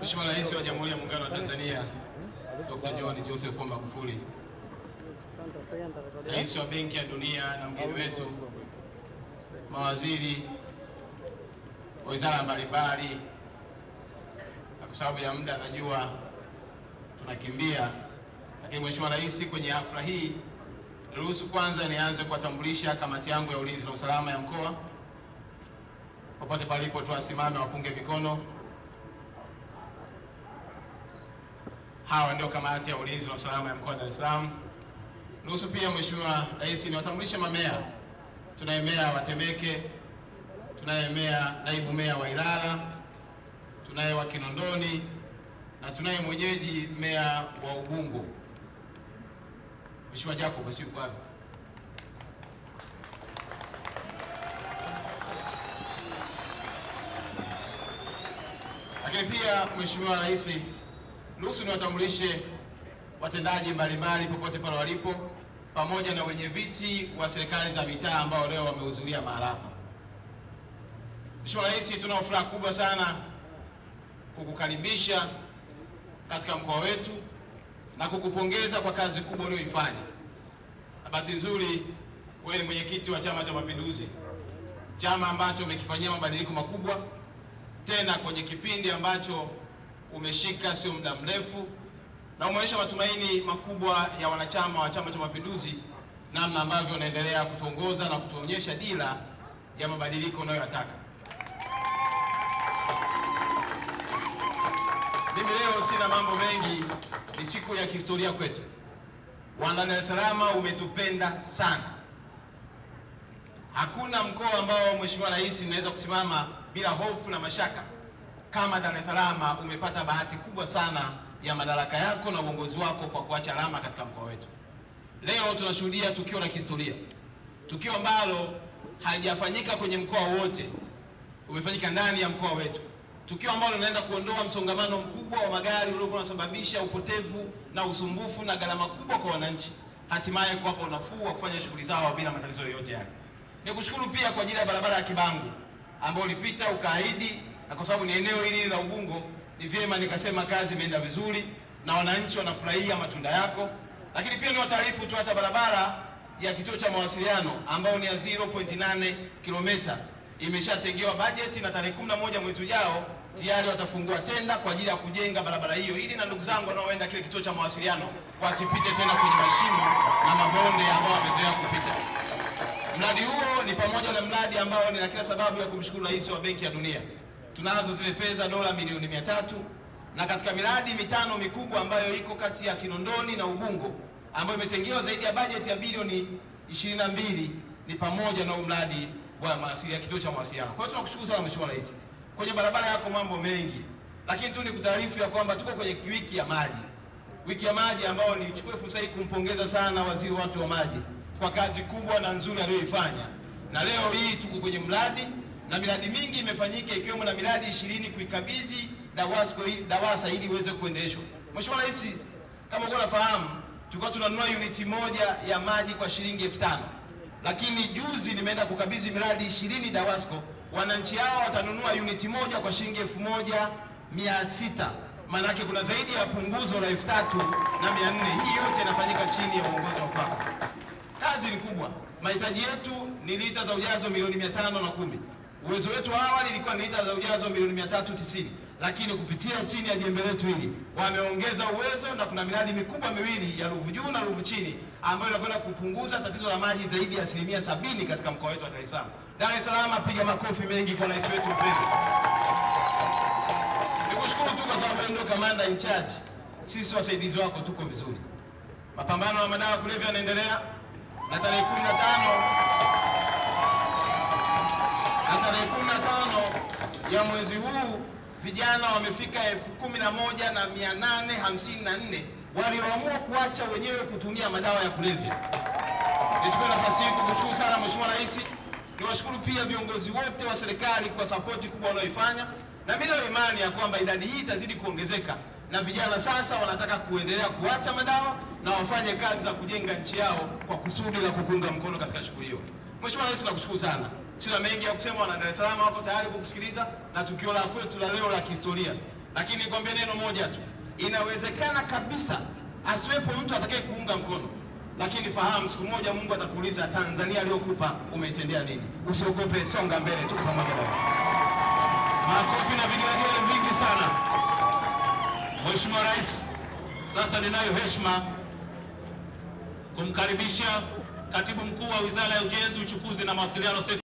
Mheshimiwa Rais wa Jamhuri ya Muungano wa Tanzania Dr. John Joseph Pombe Magufuli, Rais wa Benki ya Dunia na mgeni wetu, mawaziri wa wizara mbalimbali, na kwa sababu ya muda najua tunakimbia, lakini Mheshimiwa Rais, kwenye hafla hii niruhusu kwanza nianze kuwatambulisha kamati yangu ya ulinzi na usalama ya mkoa, popote palipo tuwasimame wapunge mikono. hawa ndio kamati ya ulinzi na usalama ya mkoa wa Dar es Salaam. Nusu pia Mheshimiwa Rais, niwatambulishe mamea. Tunaye meya wa Temeke, tunaye meya naibu meya wa Ilala, tunaye wa Kinondoni na tunaye mwenyeji meya wa Ubungo, Mheshimiwa Jacob Siukwadu. Lakini pia Mheshimiwa Rais Ruhusu niwatambulishe watendaji mbalimbali popote pale walipo, pamoja na wenye viti wa serikali za mitaa ambao leo wamehudhuria mahala hapa. Mheshimiwa Rais, tunao furaha kubwa sana kukukaribisha katika mkoa wetu na kukupongeza kwa kazi kubwa uliyoifanya. Na bahati nzuri wewe ni mwenyekiti wa Chama cha Mapinduzi, chama ambacho umekifanyia mabadiliko makubwa, tena kwenye kipindi ambacho umeshika sio muda mrefu na umeonyesha matumaini makubwa ya wanachama wa Chama cha Mapinduzi, namna ambavyo unaendelea kutuongoza na kutuonyesha dira ya mabadiliko unayoyataka. Mimi leo sina mambo mengi, ni siku ya kihistoria kwetu. Wana Dar es Salaam umetupenda sana. Hakuna mkoa ambao Mheshimiwa Rais inaweza kusimama bila hofu na mashaka kama Dar es Salaam umepata bahati kubwa sana ya madaraka yako na uongozi wako kwa kuacha alama katika mkoa wetu. Leo tunashuhudia tukio la kihistoria, tukio ambalo halijafanyika kwenye mkoa wote, umefanyika ndani ya mkoa wetu, tukio ambalo linaenda kuondoa msongamano mkubwa wa magari uliokuwa unasababisha upotevu na usumbufu na gharama kubwa kwa wananchi, hatimaye kuwapa unafuu wa kufanya shughuli zao bila matatizo yoyote yale. Nikushukuru pia kwa ajili ya barabara ya Kibangu ambayo ulipita ukaahidi na kwa sababu ni eneo hili la Ubungo, ni vyema nikasema kazi imeenda vizuri na wananchi wanafurahia matunda yako. Lakini pia ni wataarifu tu hata barabara ya kituo cha mawasiliano ambayo ni ya 0.8 kilomita imeshatengewa bajeti na tarehe moja mwezi ujao tayari watafungua tenda kwa ajili ya kujenga barabara hiyo, ili na ndugu zangu wanaoenda kile kituo cha mawasiliano wasipite tena kwenye mashimo na mabonde ambao wamezoea kupita. Mradi huo ni pamoja na mradi ambao nina kila sababu ya kumshukuru Rais wa Benki ya Dunia tunazo zile fedha dola milioni mia tatu na katika miradi mitano mikubwa ambayo iko kati ya Kinondoni na Ubungo ambayo imetengewa zaidi ya bajeti ya bilioni ishirini na mbili ni pamoja na mradi wa mawasiliano, kituo cha mawasiliano. Kwa hiyo tunakushukuru sana Mheshimiwa Rais, kwenye barabara yako mambo mengi, lakini tu ni kutaarifu ya kwamba tuko kwenye wiki ya maji, wiki ya maji ambayo nichukue fursa hii kumpongeza sana waziri watu wa maji kwa kazi kubwa na nzuri aliyoifanya, na leo hii tuko kwenye mradi na miradi mingi imefanyika ikiwemo na miradi ishirini kuikabidhi DAWASA, ili DAWASA ili iweze kuendeshwa. Mheshimiwa Rais, kama uko nafahamu, tulikuwa tunanunua uniti moja ya maji kwa shilingi elfu tano lakini juzi nimeenda kukabidhi miradi ishirini DAWASCO, wananchi hao watanunua uniti moja kwa shilingi elfu moja mia sita kuna zaidi ya punguzo la elfu tatu na mia nne. Hii yote inafanyika chini ya uongozi wa kwako. Kazi ni kubwa. Mahitaji yetu ni lita za ujazo milioni mia tano na kumi. Uwezo wetu wa awali ilikuwa ni lita za ujazo milioni 390, lakini kupitia chini ya jembe letu hili wameongeza uwezo na kuna miradi mikubwa miwili ya Ruvu juu na Ruvu chini ambayo inakwenda kupunguza tatizo la maji zaidi ya asilimia sabini katika mkoa wetu wa Dar es Salaam. Dar es Salaam, apiga makofi mengi kwa rais wetu mpendwa. Nikushukuru tu kwa sababu ndio kamanda in charge. Sisi wasaidizi wako tuko vizuri. Mapambano ya madawa kulevya yanaendelea na tarehe 15 na tarehe tano ya mwezi huu vijana wamefika elfu kumi na moja na mia nane hamsini na nne walioamua kuacha wenyewe kutumia madawa ya kulevya. Nichukue nafasi hii kumshukuru sana Mheshimiwa Rais, niwashukuru pia viongozi wote wa serikali kwa sapoti kubwa wanaoifanya, na mimi nina imani ya kwamba idadi hii itazidi kuongezeka na vijana sasa wanataka kuendelea kuacha madawa na wafanye kazi za kujenga nchi yao kwa kusudi la kukunga mkono katika shughuli hiyo. Mheshimiwa Rais, nakushukuru sana. Sina mengi ya kusema, wana Dar es Salaam wako tayari kukusikiliza na tukio la kwetu la leo la kihistoria, lakini nikwambie neno moja tu, inawezekana kabisa asiwepo mtu atakaye kuunga mkono, lakini fahamu, siku moja Mungu atakuuliza, Tanzania aliyokupa umeitendea nini? Usiogope, songa mbele, tuko pamoja. Makofi na vigelegele vingi sana. Mheshimiwa Rais, sasa ninayo heshima kumkaribisha Katibu Mkuu wa Wizara ya Ujenzi, Uchukuzi na Mawasiliano